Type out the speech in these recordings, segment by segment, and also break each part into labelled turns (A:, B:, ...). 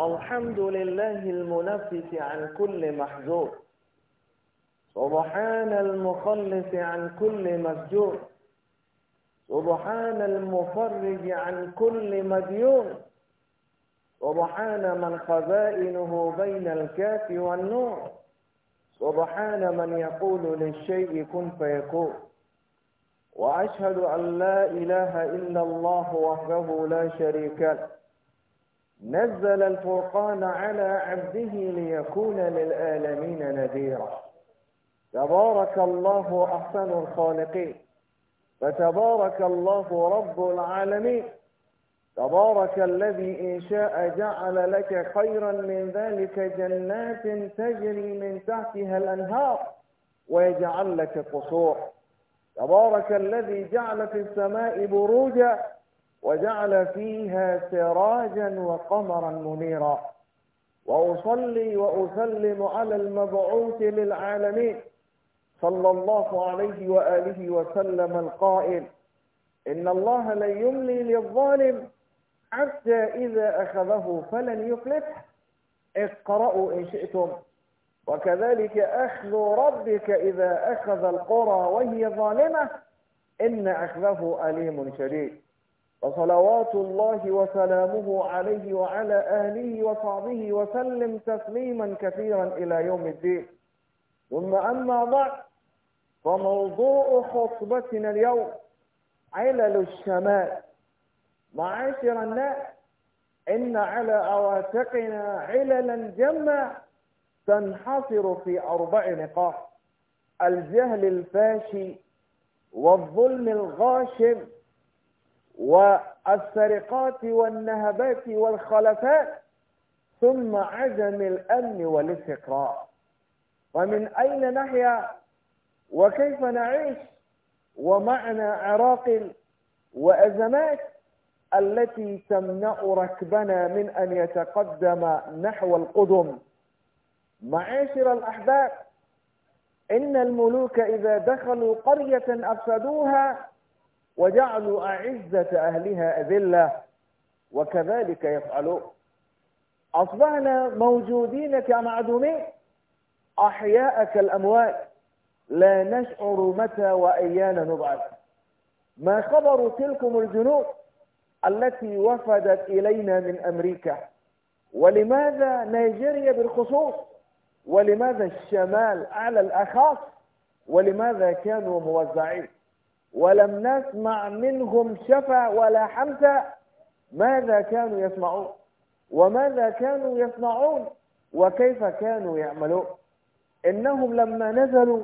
A: الحمد لله المنفس عن كل محجور سبحان المخلص عن كل مسجور سبحان المفرج عن كل مديون سبحان من خزائنه بين الكاف والنور سبحان من يقول للشيء كن فيكون وأشهد أن لا إله إلا الله وحده لا شريك له نزل الفرقان على عبده ليكون للآلمين نذيرا تبارك الله أحسن الخالقين فتبارك الله رب العالمين تبارك الذي إن شاء جعل لك خيرا من ذلك جنات تجري من تحتها الأنهار ويجعل لك قصور تبارك الذي جعل في السماء بروجا وجعل فيها سراجا وقمرا منيرا وأصلي وأسلم على المبعوث للعالمين صلى الله عليه وآله وسلم القائل إن الله لن يملي للظالم حتى إذا أخذه فلن يفلته اقرأوا إن شئتم وكذلك أخذ ربك إذا أخذ القرى وهي ظالمة إن أخذه أليم شديد وصلوات الله وسلامه عليه وعلى آله وصحبه وسلم تسليما كثيرا إلى يوم الدين ثم أما بعد فموضوع خطبتنا اليوم علل الشمال معاشر الناس إن على عواتقنا عللا جما تنحصر في أربع نقاط الجهل الفاشي والظلم الغاشم والسرقات والنهبات والخلفات ثم عدم الأمن والاستقرار ومن أين نحيا وكيف نعيش ومعنى عراقل وأزمات التي تمنع ركبنا من أن يتقدم نحو القدم معاشر الأحباب إن الملوك إذا دخلوا قرية أفسدوها وجعلوا أعزة أهلها أذلة وكذلك يفعلون أصبحنا موجودين كمعدومين أحياء كالأموات لا نشعر متى وأيان نبعث ما خبر تلكم الجنود التي وفدت إلينا من أمريكا ولماذا نيجيريا بالخصوص ولماذا الشمال على الأخاص ولماذا كانوا موزعين ولم نسمع منهم شفا ولا حمسة ماذا كانوا يسمعون وماذا كانوا يصنعون وكيف كانوا يعملون إنهم لما نزلوا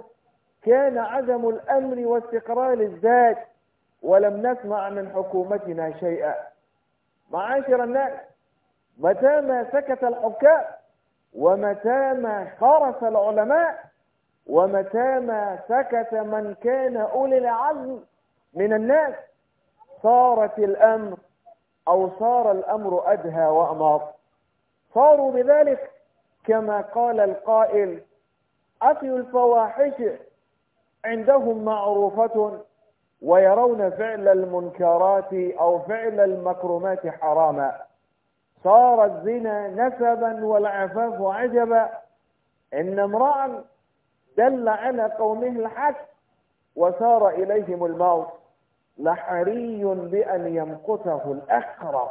A: كان عدم الأمر واستقرار الذات ولم نسمع من حكومتنا شيئا معاشر الناس متى ما سكت الحكام ومتى ما حرس العلماء ومتى ما سكت من كان أولي العزم من الناس صارت الأمر أو صار الأمر أدهى وأمار صاروا بذلك كما قال القائل أفي الفواحش عندهم معروفة ويرون فعل المنكرات أو فعل المكرمات حراما صار الزنا نسبا والعفاف عجبا إن امرأ دل على قومه الحق وسار إليهم الموت لحري بأن يمقته الأقرب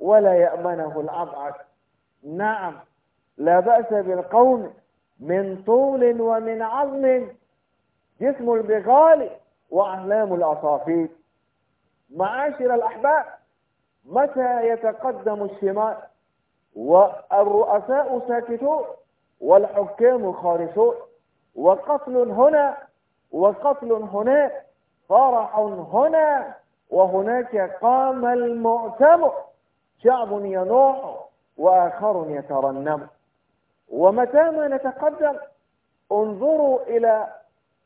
A: ولا يأمنه الأضعف نعم لا بأس بالقوم من طول ومن عظم جسم البغال وأعلام الأصافير معاشر الأحباب متى يتقدم الشمال والرؤساء ساكتون والحكام خارسون وقتل هنا وقتل هناك فرح هنا وهناك قام المؤتمر شعب ينوح وآخر يترنم ومتى ما نتقدم انظروا إلى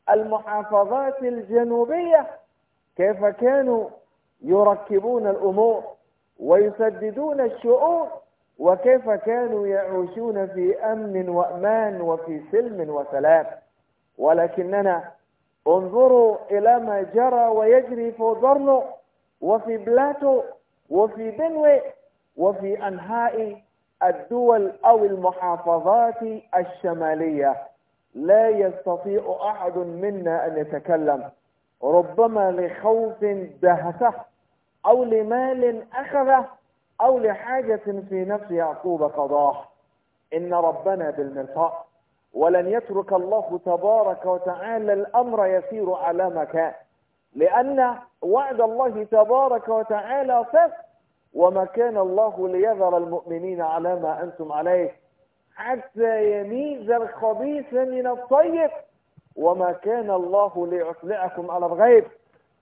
A: المحافظات الجنوبية كيف كانوا يركبون الأمور ويسددون الشؤون وكيف كانوا يعيشون في أمن وأمان وفي سلم وسلام ولكننا انظروا إلى ما جرى ويجري في ضرنو وفي بلاتو وفي بنوي وفي أنحاء الدول أو المحافظات الشمالية لا يستطيع أحد منا أن يتكلم ربما لخوف دهسه أو لمال أخذه أو لحاجة في نفس يعقوب قضاه إن ربنا بالمرفأ ولن يترك الله تبارك وتعالى الأمر يسير على مكان لأن وعد الله تبارك وتعالى فس وما كان الله ليذر المؤمنين على ما أنتم عليه حتى يميز الخبيث من الطيب وما كان الله ليطلعكم على الغيب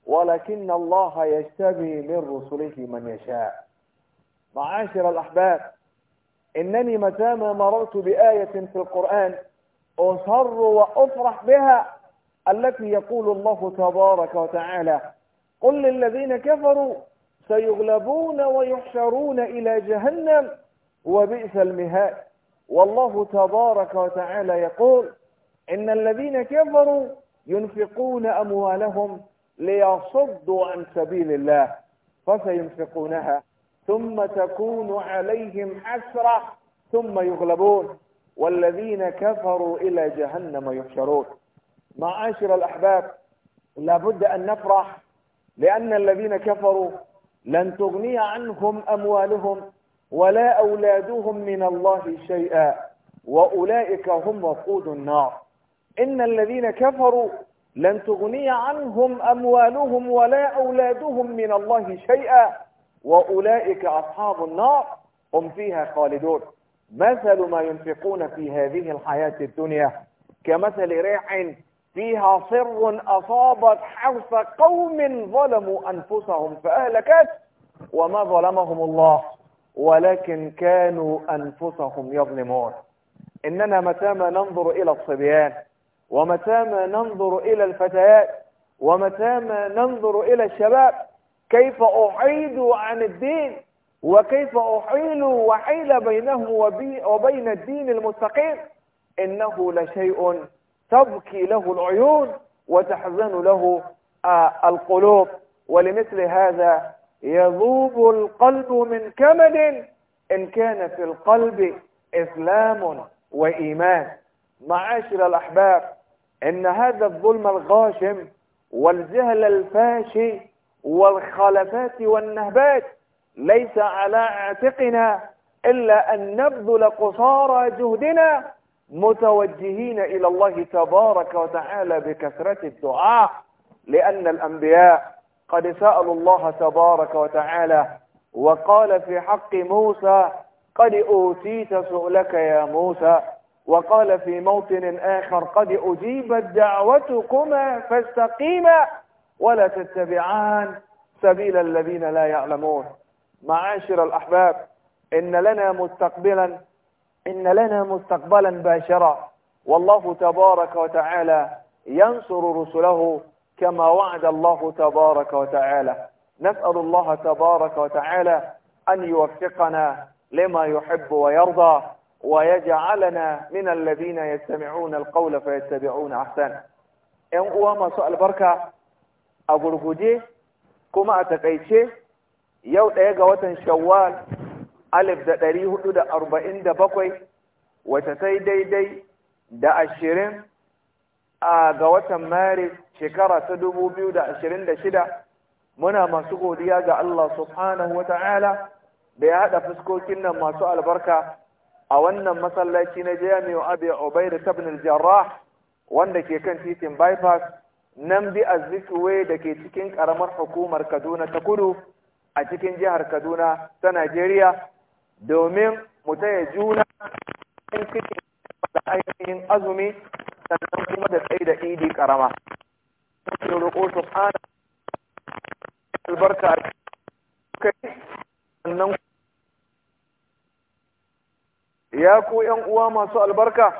A: ولكن الله يجتبي من رسله من يشاء معاشر الأحباب إنني متى ما مررت بآية في القرآن أسر وأفرح بها التي يقول الله تبارك وتعالى قل للذين كفروا سيغلبون ويحشرون إلى جهنم وبئس المهاد والله تبارك وتعالى يقول إن الذين كفروا ينفقون أموالهم ليصدوا عن سبيل الله فسينفقونها ثم تكون عليهم حسرة ثم يغلبون والذين كفروا إلى جهنم يحشرون معاشر الأحباب لابد أن نفرح لأن الذين كفروا لن تغني عنهم أموالهم ولا أولادهم من الله شيئا وأولئك هم وقود النار إن الذين كفروا لن تغني عنهم أموالهم ولا أولادهم من الله شيئا وأولئك أصحاب النار هم فيها خالدون مثل ما ينفقون في هذه الحياة الدنيا كمثل ريح فيها صر أصابت حرث قوم ظلموا أنفسهم فأهلكت وما ظلمهم الله ولكن كانوا أنفسهم يظلمون إننا متى ما ننظر إلى الصبيان ومتى ما ننظر إلى الفتيات ومتى ما ننظر إلى الشباب كيف أعيد عن الدين وكيف أحيل وحيل بينه وبين الدين المستقيم إنه لشيء تبكي له العيون وتحزن له آه، القلوب ولمثل هذا يذوب القلب من كمد إن كان في القلب إسلام وإيمان معاشر الأحباب إن هذا الظلم الغاشم والجهل الفاشي والخلفات والنهبات ليس على اعتقنا إلا أن نبذل قصارى جهدنا متوجهين إلى الله تبارك وتعالى بكثرة الدعاء لأن الأنبياء قد سألوا الله تبارك وتعالى وقال في حق موسى قد أوتيت سؤلك يا موسى وقال في موطن آخر قد أجيبت دعوتكما فاستقيما ولا تتبعان سبيل الذين لا يعلمون معاشر الأحباب إن لنا مستقبلا إن لنا مستقبلا باشرا والله تبارك وتعالى ينصر رسله كما وعد الله تبارك وتعالى نسأل الله تبارك وتعالى أن يوفقنا لما يحب ويرضى ويجعلنا من الذين يستمعون القول فيتبعون أحسنه إن قوام سؤال بركة a gurguje kuma a takaice yau ɗaya ga watan shawwal alif da ɗari hudu da arba'in da bakwai wata sai daidai da ashirin a ga watan maris shekara ta dubu biyu da ashirin da shida muna masu godiya ga Allah subhanahu wa ta'ala da ya haɗa fuskokin nan masu albarka a wannan masallaci na jami'u abu ubair tabnil jarrah wanda ke kan titin bypass nan bi a da ke cikin karamar hukumar kaduna ta kudu a cikin jihar kaduna ta najeriya domin mu taya juna da ainihin azumi sannan kuma da tsaye da idi ƙarama. roƙo albarka kai sannan ya ku ‘yan uwa masu albarka,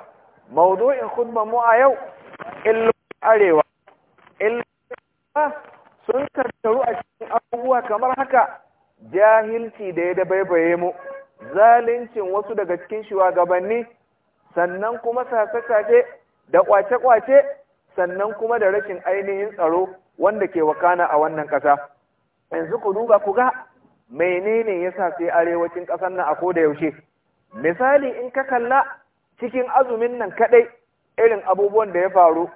A: maudu'in khutban mu a yau, illu arewa. sun tattaru a cikin abubuwa kamar haka jahilci da ya dabaibaye mu zalincin wasu daga cikin shugabanni sannan kuma sace-sace da kwace-kwace sannan kuma da rashin ainihin tsaro wanda ke wakana a wannan ƙasa yanzu ku duba ku ga menene yasa sai arewacin ƙasar nan a ko da yaushe misali in ka kalla cikin azumin nan kaɗai irin abubuwan da ya faru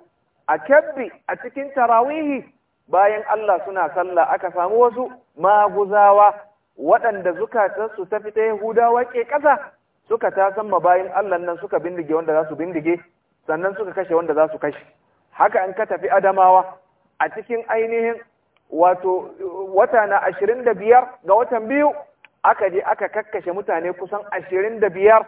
A: a kebbi a cikin tarawihi bayan Allah suna sallah aka samu wasu maguzawa waɗanda zukatansu ta fita Yahudawa ke ƙasa suka ta ma bayan Allah nan suka bindige wanda za su bindige sannan suka kashe wanda za su kashe haka an ka tafi Adamawa a cikin ainihin wato wata na ashirin da biyar ga watan biyu aka je aka kakkashe mutane kusan ashirin da biyar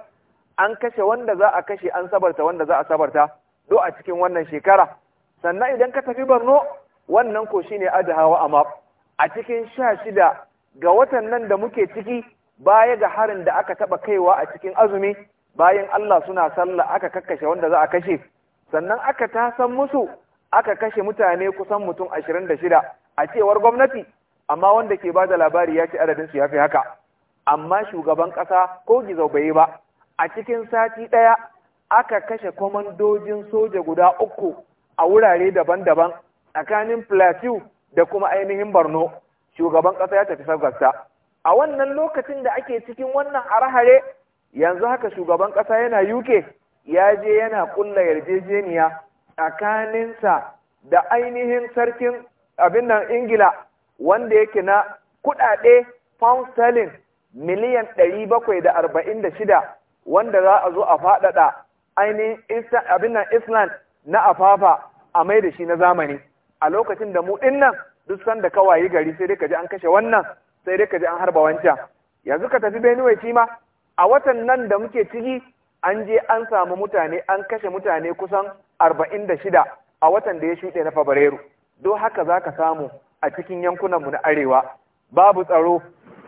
A: an kashe wanda za a kashe an sabarta wanda za a sabarta do a cikin wannan shekara sannan idan ka tafi Borno wannan ko shine adhawa amma a cikin sha shida ga watan nan da muke ciki baya ga harin da aka taba kaiwa a cikin azumi bayan Allah suna sallah aka kakkashe wanda za a kashe sannan aka tasan musu aka kashe mutane kusan mutum ashirin da shida a cewar gwamnati amma wanda ke ba da labari ya ce adadinsu ya fi haka amma shugaban ƙasa ko gizo bai ba a cikin sati ɗaya aka kashe kwamandojin soja guda uku a wurare daban-daban tsakanin plateau da kuma ainihin borno shugaban ƙasa ya tafi sagasta a wannan lokacin da ake cikin wannan arhare yanzu haka shugaban ƙasa yana uk ya je yana ƙulla yarjejeniya tsakaninsa da ainihin sarkin abin nan ingila wanda yake na kuɗaɗe pound sterling miliyan ɗari bakwai da arba'in da shida wanda za a zo a faɗaɗa ainihin abin nan island na afafa a mai da shi na zamani a lokacin da mu din nan duk sanda kawaye kawai gari sai dai ka ji an kashe wannan sai dai ka ji an harba wancan yanzu ka tafi Benue shi ma a watan nan da muke ciki an je an samu mutane an kashe mutane kusan arba'in da shida a watan da ya shuɗe na Fabrairu don haka za ka samu a cikin yankunan mu na arewa babu tsaro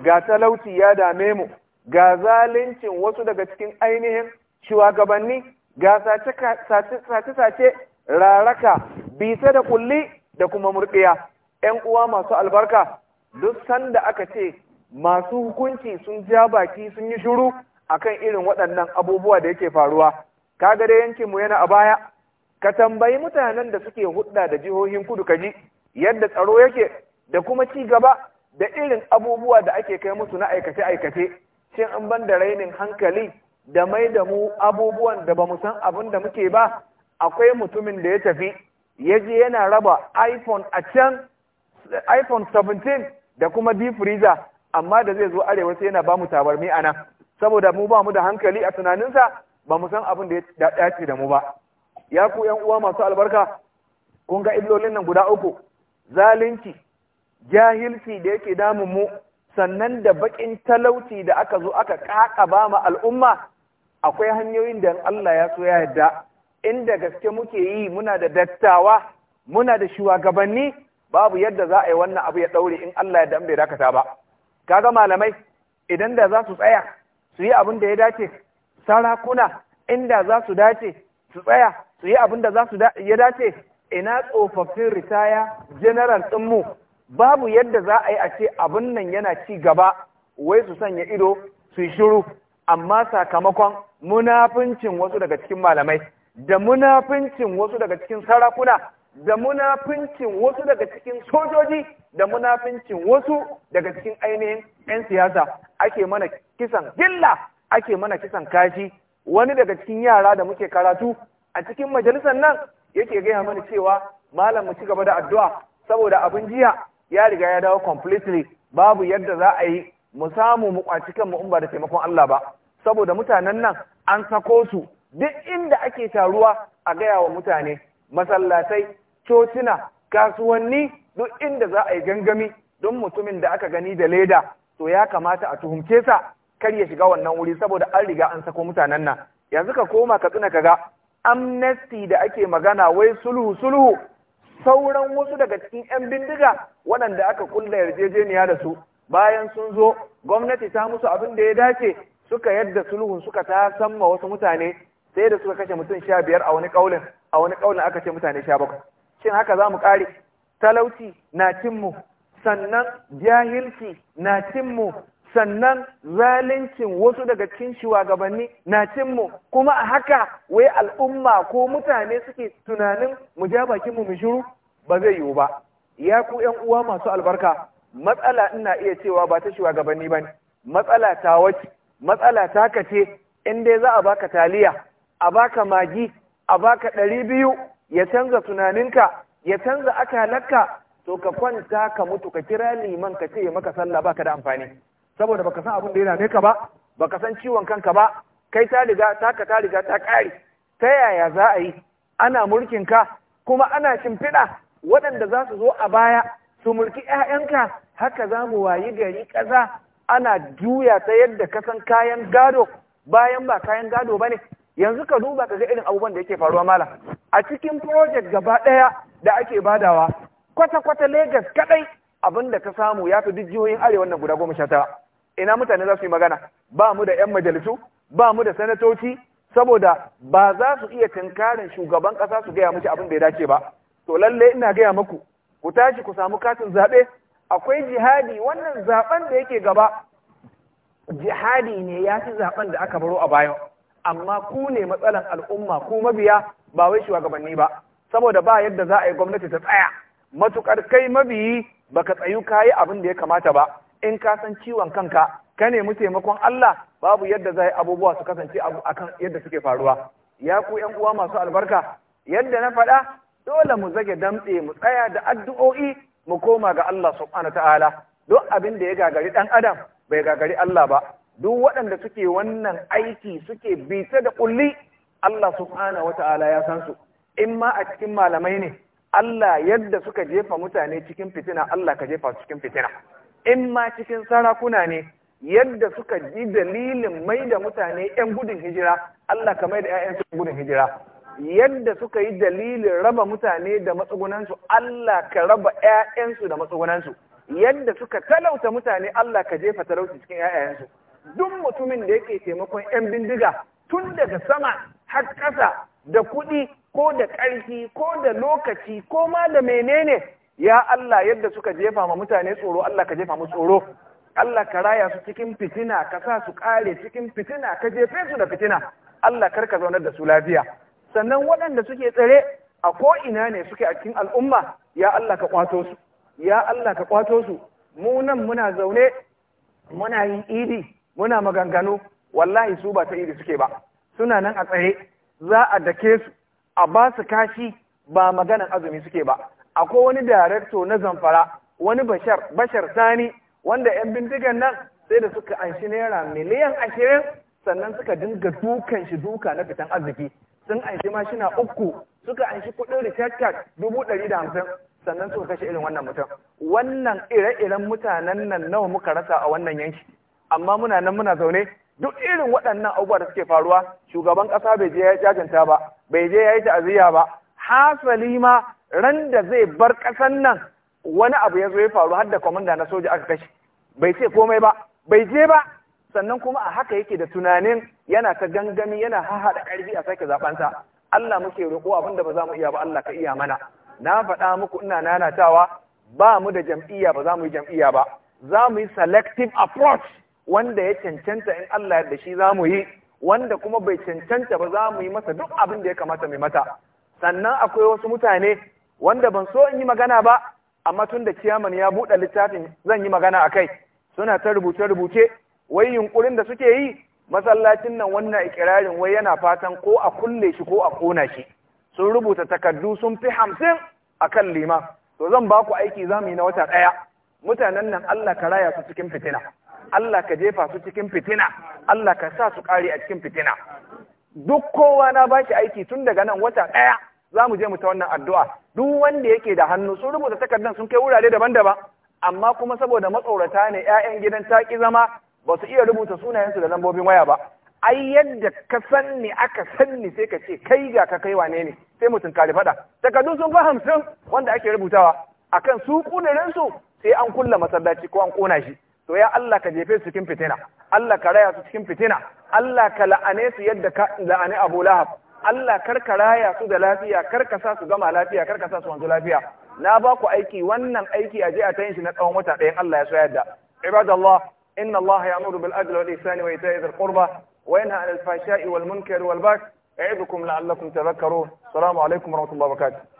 A: ga talauci ya dame mu ga zalincin wasu daga cikin ainihin shugabanni ga sace-sace raraka bisa da kulli da kuma murɗiya 'Yan uwa masu albarka duk sanda aka ce masu hukunci sun ja baki sun yi shiru kan irin waɗannan abubuwa da yake faruwa kaga da yankin mu yana a baya ka tambayi mutanen da suke hudda da jihohin kudu kaji yadda tsaro yake da kuma ci gaba da irin abubuwa da ake kai musu na aikace aikace shin an ban da rainin hankali da mai da mu abubuwan da ba mu san abin da muke ba akwai mutumin da ya tafi ya je yana raba iphone a can iphone 17 da kuma deep freezer amma da zai zo arewa sai yana ba mu tabarmi a nan saboda mu ba mu da hankali a tunaninsa ba mu san abin da ya dace da mu ba ya ku yan uwa masu albarka kun ga illolin nan guda uku zalunci jahilci da yake damun mu sannan da bakin talauci da aka zo aka ba ma al'umma akwai hanyoyin da Allah ya so ya yarda inda gaske muke yi muna da dattawa muna da shugabanni babu yadda za a yi wannan abu ya daure in Allah ya dambe bai dakata ba kaga malamai idan da za su tsaya su yi abin da ya dace sarakuna inda za su dace su tsaya su yi abin da za su ya dace ina tsofaffin ritaya general ɗinmu babu yadda za a yi a ce abin nan yana ci gaba wai su sanya ido su yi shiru amma sakamakon munafincin wasu daga cikin malamai da munafincin wasu daga cikin sarakuna da munafincin wasu daga cikin sojoji da munafincin wasu daga cikin ainihin 'yan siyasa ake mana kisan gilla ake mana kisan kashi wani daga cikin yara da muke karatu a cikin majalisar nan yake gaya mana cewa malam mu ci gaba da addu'a saboda abin jiya ya riga ya dawo completely babu yadda za a yi mu samu mu kwaci kanmu in ba da taimakon Allah ba saboda mutanen nan an sako su duk inda ake taruwa a gaya wa mutane masallatai cocina kasuwanni duk inda za a yi gangami don mutumin da aka gani da leda to ya kamata a tuhumce sa kar ya shiga wannan wuri saboda an riga an sako mutanen nan yanzu ka koma ka tsina kaga amnesty da ake magana wai sulhu sulhu sauran wasu daga cikin 'yan bindiga waɗanda aka kulla yarjejeniya da su bayan sun zo gwamnati ta musu abin da ya dace suka yadda sulhun suka ta samma wasu mutane sai da suka kashe mutum sha biyar a wani kaulin a wani kaulin aka ce mutane sha bakwai shin haka za mu kare talauci na cinmu sannan jahilci na cinmu sannan zalincin wasu daga cikin shugabanni na cinmu kuma a haka wai al'umma ko mutane suke tunanin mu ja bakinmu mu shiru ba zai yiwu ba ya ku yan uwa masu albarka matsala ina iya cewa ba ta shugabanni ba ne matsala ta wace matsala ta kace in dai za a baka taliya a baka magi a baka ɗari biyu ya canza tunaninka ya canza akalarka to ka kwanta ka mutu ka kira liman ka ce maka sallah baka da amfani saboda baka san abin da yana neka ka ba baka san ciwon kanka ba kai ta riga taka ta riga ta kare ta yaya za a yi ana mulkin ka kuma ana shimfiɗa waɗanda za su zo a baya su mulki 'ya'yanka haka za mu wayi gari ƙasa ana juya ta yadda ka san kayan gado bayan ba kayan gado ba ne yanzu ka duba ka ga irin abubuwan da yake faruwa malam a cikin project gaba ɗaya da ake badawa kwata-kwata Legas kaɗai abin da ka samu ya fi duk jihohin arewa na guda goma sha tara ina mutane za su yi magana ba mu da 'yan majalisu ba mu da sanatoci saboda ba za su iya tunkarin shugaban kasa su gaya miki abin da ya dace ba to lalle ina gaya muku ku tashi ku samu katin zaɓe akwai jihadi wannan zaɓen da yake gaba jihadi ne ya fi zaɓen da aka baro a bayan? amma ku ne matsalan al'umma ku mabiya ba wai shugabanni ba saboda ba yadda za a yi gwamnati ta tsaya matukar kai mabiyi baka tsayu kayi abin da ya kamata ba in ka san ciwon kanka ka nemi taimakon Allah babu yadda za a yi abubuwa su kasance akan yadda suke faruwa ya ku yan uwa masu albarka yadda na faɗa dole mu zage damtse mu tsaya da addu'o'i mu koma ga Allah subhanahu ta'ala don abin da ya gagari dan adam bai gagari Allah ba duk waɗanda suke wannan aiki suke bita da ƙulli, Allah subhanahu wata'ala ya san su in ma a cikin malamai ne Allah yadda suka jefa mutane cikin fitina Allah ka jefa su cikin fitina in ma cikin sarakuna ne yadda suka ji dalilin mai da mutane 'yan gudun hijira Allah ka mai da su gudun hijira yadda suka yi dalilin raba mutane da matsugunansu Allah ka raba 'ya'yansu da matsugunansu yadda suka talauta mutane Allah ka jefa talauci cikin 'ya'yansu duk mutumin da yake taimakon 'yan bindiga tun daga sama har ƙasa da kuɗi ko da ƙarfi ko da lokaci ko ma da menene ya Allah yadda suka jefa ma mutane tsoro Allah ka jefa mu tsoro Allah ka raya su cikin fitina ka sa su ƙare cikin fitina ka jefe su da fitina Allah kar ka zaunar da su lafiya sannan waɗanda suke tsare a ko ina ne suke a cikin al'umma ya Allah ka kwato su ya Allah ka kwato su mu nan muna zaune muna yin idi muna maganganu wallahi su ba ta iri suke ba suna nan a tsaye za a dake su a ba su kashi ba maganan azumi suke ba akwai wani darakto na zamfara wani bashar bashar sani wanda yan bindigan nan sai da suka anshi naira miliyan ashirin sannan suka dinga dukan shi duka na fitan arziki sun anshi mashina uku suka anshi kudin recharge dubu ɗari da hamsin sannan suka kashe irin wannan mutum wannan ire-iren mutanen nan nawa muka rasa a wannan yanki amma muna nan muna zaune duk irin waɗannan abubuwa da suke faruwa shugaban ƙasa bai je ya jajanta ba bai je ya yi ta'aziyya ba hasali ma ran da zai bar ƙasan nan wani abu ya zo ya faru har da kwamanda na soja aka kashe bai ce komai ba bai je ba sannan kuma a haka yake da tunanin yana ta gangami yana hahaɗa ƙarfi a sake zaɓensa Allah muke roƙo abin da ba za mu iya ba Allah ka iya mana na faɗa muku ina nanatawa ba mu da jam'iyya ba za mu yi jam'iyya ba za mu yi selective approach wanda ya cancanta in Allah da shi za mu yi wanda kuma bai cancanta ba za mu yi masa duk abin da ya kamata mai mata sannan akwai wasu mutane wanda ban so in yi magana ba amma tun da ciyaman ya buɗe littafin zan yi magana a kai suna ta rubuce-rubuce wai yunƙurin da suke yi masallacin nan wannan ikirarin wai yana fatan ko a kulle shi ko a kona shi sun rubuta takardu sun fi hamsin a kan liman to zan ba ku aiki za mu yi na wata ɗaya mutanen nan Allah ka raya su cikin fitina Allah ka jefa su cikin fitina Allah ka sa su kare a cikin fitina duk kowa na ba shi aiki tun daga nan wata ɗaya za mu je mu ta wannan addu'a duk wanda yake da hannu sun rubuta takardan sun kai wurare daban-daban amma kuma saboda matsorata ne 'ya'yan gidan taƙi zama ba su iya rubuta sunayensu da lambobin waya ba ai yadda ka sanni aka sanni sai ka ce kai ga ka kai wane ne sai mutum kare faɗa takardu sun fi hamsin wanda ake rubutawa akan su ƙudurinsu sai an kulla masallaci ko an ƙona shi to ya Allah ka jefe su cikin fitina Allah ka raya su cikin fitina Allah ka la'ane su yadda ka la'ane Abu Lahab Allah kar ka raya su da lafiya kar ka sa su gama lafiya kar ka sa su wanzu lafiya na ba ku aiki wannan aiki a je a tayin shi na tsawon wata ɗayan Allah ya so yadda ibadallah inna Allah ya'muru bil adli wal ihsani wa ita'i dhil qurba wa yanha 'anil fahsha'i wal munkari wal baghi ya'idukum la'allakum tadhakkarun assalamu alaikum wa rahmatullahi wa barakatuh